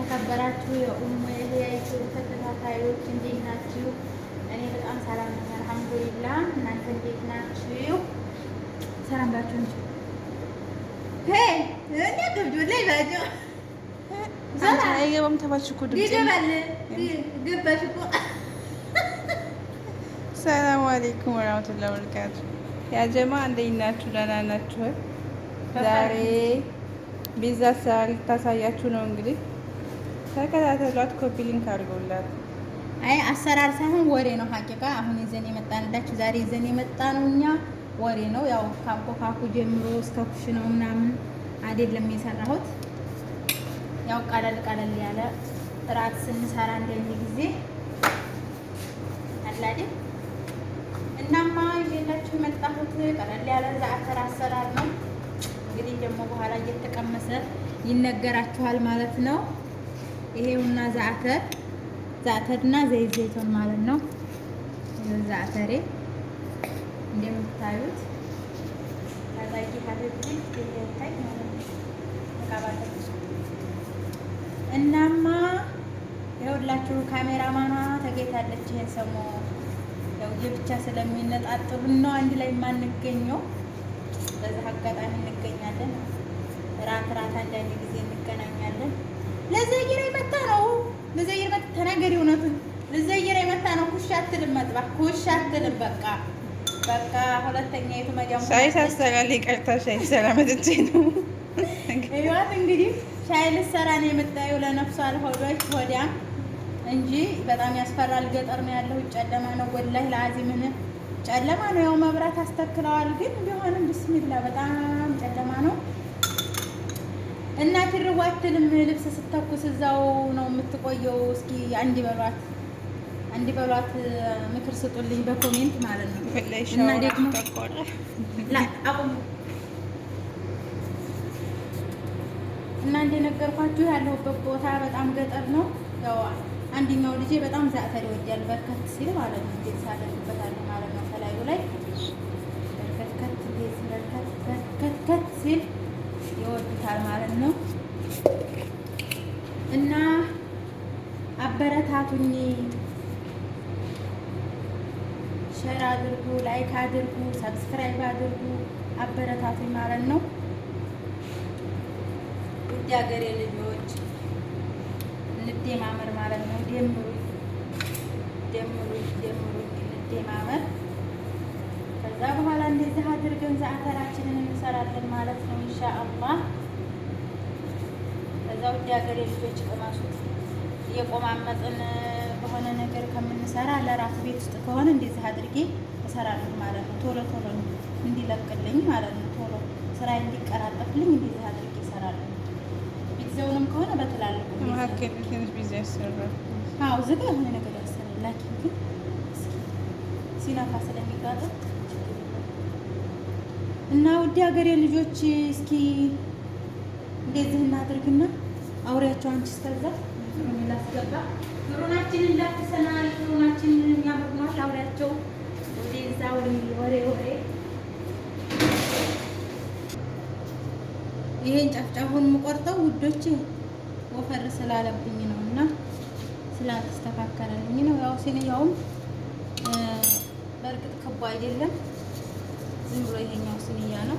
የተከበራችሁ የኡሙ የህያችሁ ተከታታዮች እንዴት ናችሁ? እኔ በጣም ሰላም ነኝ፣ አልሐምዱሊላህ። እናንተ እንዴት ናችሁ? ሰላም ባችሁ እንጂ አይገባም ተባልሽ እኮ ሰላም አለይኩም ወራህመቱላሂ ወበረካቱ። ያ ጀማ ናችሁ? ደህና ናችሁ? ዛሬ ቢዛ ስራ ልታሳያችሁ ነው እንግዲህ ተከታተሏት። ኮፒ ሊንክ አድርገውላት። አይ አሰራር ሳይሆን ወሬ ነው ሀቂቃ። አሁን ይዘን የመጣ እንዳችሁ ዛሬ ይዘን የመጣ ነው እኛ ወሬ ነው። ያው ካኮ ካኩ ጀምሮ እስከ ኩሽ ነው ምናምን አይደለም የሰራሁት። ያው ቀለል ቀለል ያለ ጥራት ስንሰራ እንደዚህ ጊዜ አላደ እናማ ይዤላችሁ የመጣሁት ቀለል ያለ ዘአተር አሰራር ነው። እንግዲህ ደግሞ በኋላ እየተቀመሰ ይነገራችኋል ማለት ነው። ይሄውና ዛዕተር ዛዕተርና ዘይት ዘይቶን ማለት ነው። ዛዕተሬ እንደምታዩት እናማ ይኸውላችሁ ካሜራማኗ ተገኝታለች። ይሄን ሰሞኑን ያው የብቻ ስለሚነጣጥሉን ነው አንድ ላይ የማንገኘው። በዚህ አጋጣሚ እንገኛለን። ራት ራት አንዳንድ ጊዜ እንገናኛለን። ለዘይራ ይመጣ ነው። ለዘይራ ይመጣ ተናገሪ፣ እውነቱን ለዘይራ ይመጣ ነው። ኩሽ አትልም፣ መጥባ ኩሽ አትልም። በቃ በቃ ሁለተኛ የቱ መጃሙ ሻይ ሳሰራል። ይቀርታ ሻይ ሰራ መጥቼ ነው። ይኸዋት እንግዲህ ሻይ ልሰራ ነው የምታየው። ለነፍሷ አልሆዶች ሆዲያ እንጂ በጣም ያስፈራል። ገጠር ነው ያለው፣ ጨለማ ነው። ወላሂ ለአዚምን ጨለማ ነው። ያው መብራት አስተክለዋል፣ ግን ቢሆንም ብስሚላ በጣም ጨለማ ነው። እና ትርዋትንም ልብስ ስተኩስ እዛው ነው የምትቆየው። እስኪ አንድ በሏት አንድ በሏት፣ ምክር ስጡልኝ በኮሜንት ማለት ነው። እና ደግሞ አቁሙ እና እንደነገርኳችሁ ያለሁበት ቦታ በጣም ገጠር ነው። ያው አንድኛው ልጄ በጣም ዛዕተር ይወዳል በርከት ሲል ማለት ነው። እንዴት ሳደርግበታለሁ ማለት ነው። ተለያዩ ላይ በርከት ከት በርከት ከት ሲል ይሉታል ማለት ነው። እና አበረታቱኝ፣ ሸር አድርጉ፣ ላይክ አድርጉ፣ ሰብስክራይብ አድርጉ፣ አበረታቱኝ ማለት ነው። ውድ ሀገሬ ልጆች እንደማመር ማለት ነው። ደምሩ ደምሩ ደምሩ እንደማመር ከዛ በኋላ እንደዚህ አድርገን ዘአተራችንን እንሰራለን ማለት ነው ኢንሻአላህ። ከዛ ውድ ሀገር የልጆች እየቆማመጥን ነገር ከምንሰራ ለራሱ ቤት ውስጥ ከሆነ እንደዚህ አድርጌ እሰራለሁ ማለት ነው። ቶሎ ቶሎ እንዲለቅልኝ ማለት ነው። ቶሎ ስራ እንዲቀራጠፍልኝ እንደዚህ አድርጌ እሰራለሁ። ከሆነ ዝጋ የሆነ ነገር ያሰራል። ላኪን ግን ሲነፋ እና ውድ ሀገሬ ልጆች እስኪ እንደዚህ እናድርግና አውሪያቸው አንቺ እስከዛ ላስገባ ሩናችንን ላትሰናል ሩናችንን የሚያምርኗል አውሪያቸው ወደዛ ወደ ወሬ ወሬ ይሄን ጨፍጫፉን የምቆርጠው ውዶቼ ወፈር ስላለብኝ ነው እና ስላልተስተካከለልኝ ነው። ያው ሲንያውም በእርግጥ ክቡ አይደለም፣ ዝም ብሎ ይሄኛው ሲንያ ነው።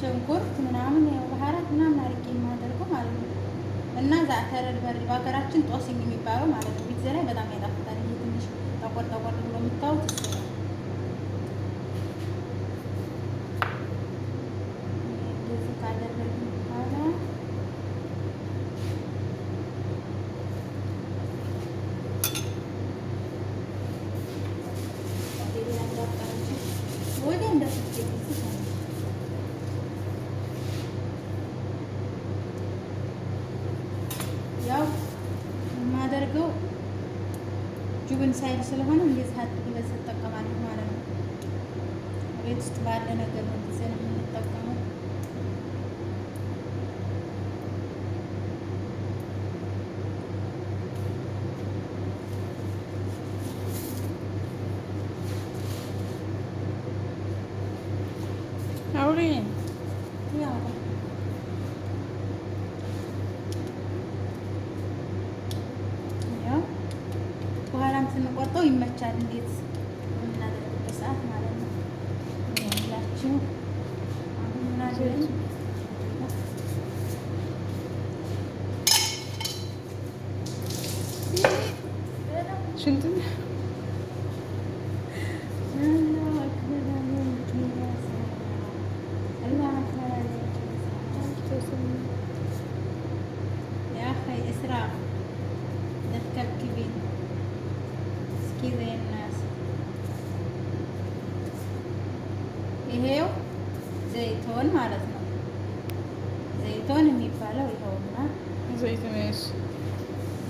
ሽንኩርት ምናምን ባህራት ምናምን አድርጌ የማደርገው ማለት ነው። እና ዛዕተር በርበሬ በሀገራችን ጦስኝ የሚባለው ማለት ነው። ቢትዘ ላይ በጣም ያጣፍጣል። ይሄ ትንሽ ጠቆር ጠቆር ብሎ የምታዩት ሳይድ ስለሆነ እንደዚህ አድርጌ ለሰጠቀማለሁ ማለት ነው። ቤት ውስጥ ባለ ነገር ነው ጊዜ ነው ይመቻል። እንዴት የምናደርግበት ሰዓት ማለት ነው ላችሁ አሁን ዘይቶን ማለት ነው። ዘይቶን የሚባለው ይኸውና ዘይቶን ይሄስ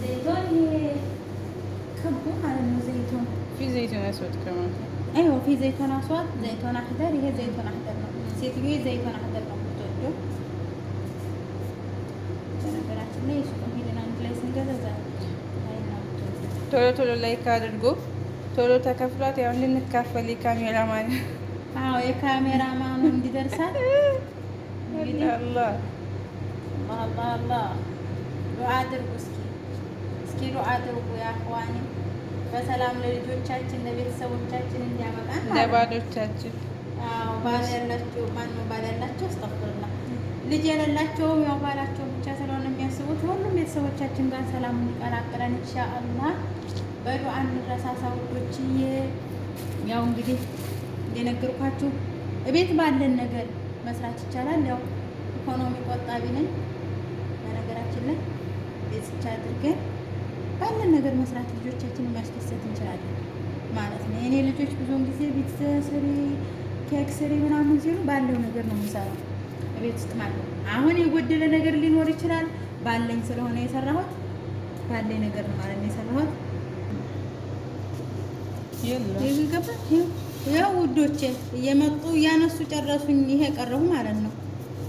ዘይቶን ክቡ ማለት ነው። ዘይቶን ፊ ዘይቶን አስወጥ ከማለት አይዎ፣ ፊ ዘይቶን አስወጥ፣ ዘይቶን አህደር ይሄ ዘይቶን አህደር ነው። ሴትዮ ዘይቶን አህደር ነው የምትወደው። በነገራችን ላይ የሱቅም ሄደን አንድ ላይ ስንገዛዛ ቶሎ ቶሎ ላይ ካድርጎ ቶሎ ተከፍሏት ያው እንድንካፈል ካሜራ ማለት አዎ የካሜራማኑ እንዲደርሳል ዱአ አድርጉ እስኪ እስኪ ዱአ አድርጉ ያዋኒ በሰላም ለልጆቻችን ለቤተሰቦቻችን እንዲያበቃን ለባሎቻችን ባል ያላቸው ማነው ባል ያላቸው አስተፍርላ ልጅ የሌላቸውም ያው ባላቸው ብቻ ስለሆነ የሚያስቡት ሁሉም ቤተሰቦቻችን ጋር ሰላም እንዲቀላቅለን ኢንሻአላህ በዱአ እንረሳሳ ውዶችዬ ያው እንግዲህ የነገርኳችሁ እቤት ባለን ነገር መስራት ይቻላል። ያው ኢኮኖሚ ቆጣቢ ነን። በነገራችን ላይ ቤት ብቻ አድርገን ባለን ነገር መስራት ልጆቻችንን ማስደሰት እንችላለን ማለት ነው። የእኔ ልጆች ብዙውን ጊዜ ቤት ስሪ፣ ኬክ ስሪ ምናምን ሲሉ ባለው ነገር ነው የሚሰራው እቤት ውስጥ ማለት ነው። አሁን የጎደለ ነገር ሊኖር ይችላል። ባለኝ ስለሆነ የሰራሁት ባለኝ ነገር ነው ማለት ነው የሰራሁት ይህ ገባ ይኸው ውዶቼ እየመጡ እያነሱ ጨረሱኝ። ይሄ ቀረሁ ማለት ነው።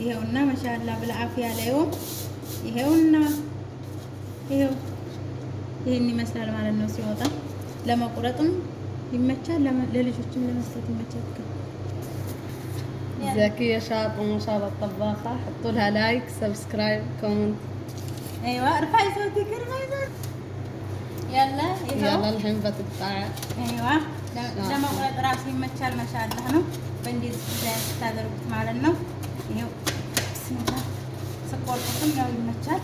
ይሄውና መሻላ ብላ አፍያ ላይውም ይሄውና ይሄው ይሄን ይመስላል ማለት ነው። ሲወጣ ለመቁረጥም ይመቻል፣ ለልጆችም ለመስጠት ይመቻል። زكية شاطر ومشاطة الطباخة حطوا لها لايك سبسكرايب كومنت ايوه ارفعي صوتك ارفعي صوتك يلا يلا الحين بتتطلع ايوه ለመቁረጥ ራሱ ይመቻል። ማሻአላህ ነው። በእንደዚህ ዲዛይን ስታደርጉት ማለት ነው። ይሄው ስሚላ ስቆርጡትም ያው ይመቻል።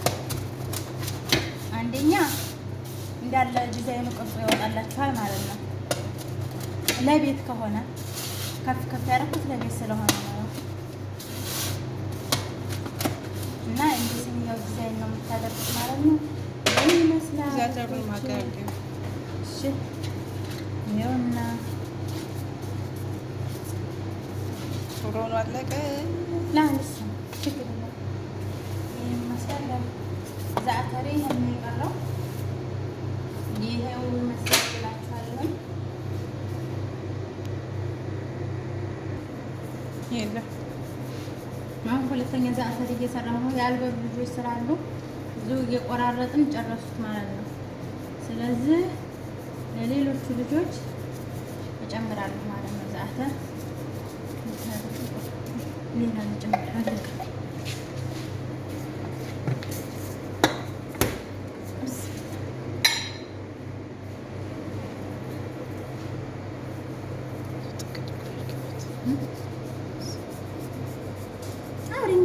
አንደኛ እንዳለ ዲዛይኑ ቅርጹ ያወጣላችኋል ማለት ነው። ለቤት ከሆነ ከፍ ከፍ ያደረኩት ለቤት ስለሆነ ነው እና እንደዚህ ያው ዲዛይን ነው የምታደርጉት ማለት ነው። ይህ ይመስላል። ይኸውና ዶሮ አለቀ። ዛተሬ የሚቀረው ይሄው ይመስላል አሁን ሁለተኛ ዛተሬ እየሰራሁ ነው። ያልበሉ ልጆች ስላሉ ብዙ እየቆራረጥን ጨረሱት ማለት ነው። ስለዚህ ለሌሎቹ ልጆች እጨምራለሁ ማለት ነው። ዛአተር ሌላ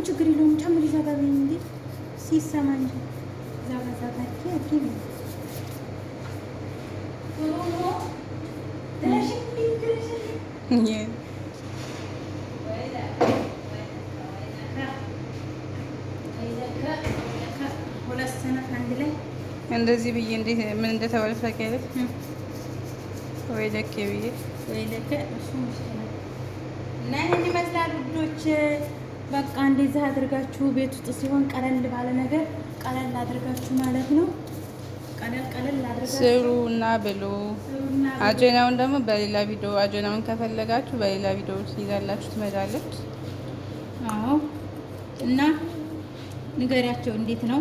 ችግር የለውም። ጨምር እንዴ ሲሰማ እንጂ Yeah. እንደዚህ ብዬ እንዴት ምን እንደተወለፈቀ ያለት ወይ ለኬ ብዬ ወይ ለኬ እና ይህን ይመስላል ውዶች። በቃ እንደዚህ አድርጋችሁ ቤት ውስጥ ሲሆን ቀለል ባለ ነገር ቀለል አድርጋችሁ ማለት ነው ስሩ እና ብሎ አጀናውን ደግሞ በሌላ ቪዲዮ አጀናውን ከፈለጋችሁ በሌላ ቪዲዮ ይዛላችሁ ትመጣለች። አዎ እና ንገሪያቸው እንዴት ነው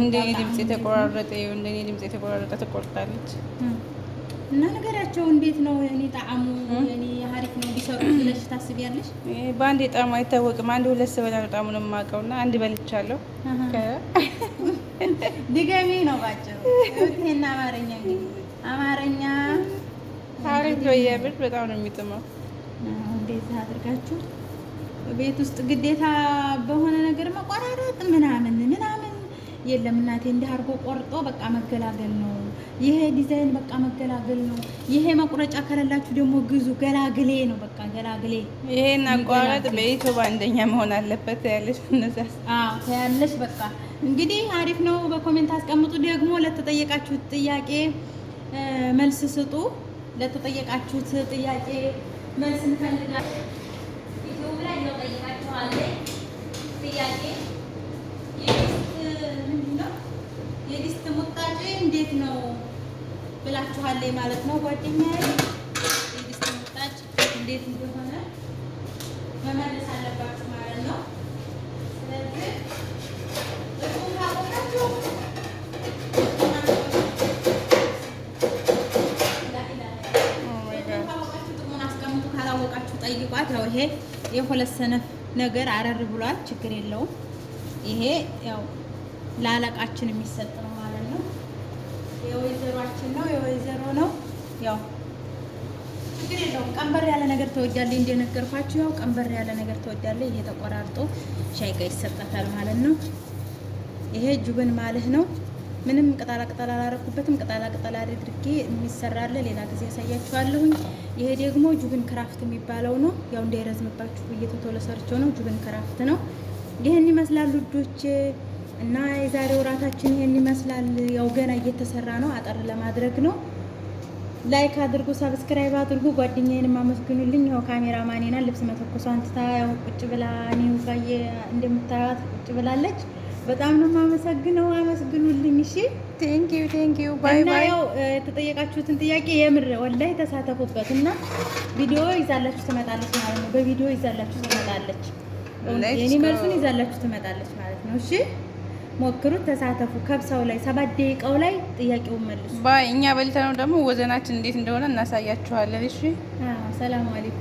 እንደኔ ድምፅ የተቆራረጠ እንደኔ ድምፅ የተቆራረጠ ትቆርጣለች። እና ነገራቸው እንዴት ነው? እኔ ጣዕሙ እኔ ሀሪፍ ነው ቢሰሩ ብለሽ ታስቢያለሽ? በአንዴ ጣዕሙ አይታወቅም። አንድ ሁለት ስበላ ነው ጣዕሙን የማውቀው እና አንድ በልቻለሁ። ድጋሜ ነው ባጭሩ። ይሄን አማርኛ አማርኛ ሀሪፍ ነው የምር በጣም ነው የሚጥመው። እንዴት አድርጋችሁ ቤት ውስጥ ግዴታ በሆነ ነገር መቆራረጥ ምናምን ምናምን የለም እናቴ እንዲህ አድርጎ ቆርጦ በቃ መገላገል ነው። ይሄ ዲዛይን በቃ መገላገል ነው። ይሄ መቁረጫ ከሌላችሁ ደግሞ ግዙ። ገላግሌ ነው በቃ ገላግሌ። ይሄን አቋረጥ በኢትዮብ አንደኛ መሆን አለበት ያለች ነዛስ ያለች በቃ እንግዲህ አሪፍ ነው። በኮሜንት አስቀምጡ። ደግሞ ለተጠየቃችሁት ጥያቄ መልስ ስጡ። ለተጠየቃችሁት ጥያቄ መልስ እንፈልጋለን። ኢትዮብ ላይ ነው ጠይቃችኋለሁ ጥያቄ የዲስት ሙጣጭ እንዴት ነው ብላችኋለ ማለት ነው ጓደኛዬ። የዲስት ሙጣጭ እንዴት እንደሆነ መመለስ አለባችሁ ማለት ነው። ጠይቋት ያው ይሄ የሁለት ሰነፍ ነገር አረር ብሏል። ችግር የለውም። ይሄ ያው ለአለቃችን የሚሰጠው ነው። የወይዘሯችን ነው፣ የወይዘሮ ነው። ያው ችግር የለውም። ቀንበር ያለ ነገር ተወዳለ እንደነገርኳችሁ ያው ቀንበር ያለ ነገር ተወዳለ ይሄ ተቆራርጦ ሻይ ጋር ይሰጣታል ማለት ነው። ይሄ ጁብን ማለት ነው። ምንም ቅጠላ ቅጠል አላረኩበትም። ቅጠላ ቅጠል አድርጌ የሚሰራለ ሌላ ጊዜ ያሳያችኋለሁኝ። ይሄ ደግሞ ጁብን ክራፍት የሚባለው ነው። ያው እንዳይረዝምባችሁ ብዬ ቶሎ ነው። ጁብን ክራፍት ነው። ይህን ይመስላል ውዶቼ። እና የዛሬው እራታችን ይሄን ይመስላል። ያው ገና እየተሰራ ነው፣ አጠር ለማድረግ ነው። ላይክ አድርጉ፣ ሰብስክራይብ አድርጉ፣ ጓደኛዬንም አመስግኑልኝ። ያው ማኔና ልብስ መተኮሷ ትታ ያው ቁጭ ብላ እኔ ጋየ እንደምታያት ቁጭ ብላለች። በጣም ነው የማመሰግነው። አመስግኑልኝ። እሺ ቴንክ ዩ ባይ ባይ። ያው የተጠየቃችሁትን ጥያቄ የምር ወላሂ ተሳተፉበት እና ቪዲዮ ይዛላችሁ ትመጣለች ማለት ነው። በቪዲዮ ይዛላችሁ ትመጣለች። የኔ መልሱን ይዛላችሁ ትመጣለች ማለት ነው። እሺ ሞክሩት፣ ተሳተፉ። ከብሰው ላይ ሰባት ደቂቃው ላይ ጥያቄውን መልሱ። እኛ በልተነው ደግሞ ወዘናችን እንዴት እንደሆነ እናሳያችኋለን። እሺ፣ ሰላም አለይኩም።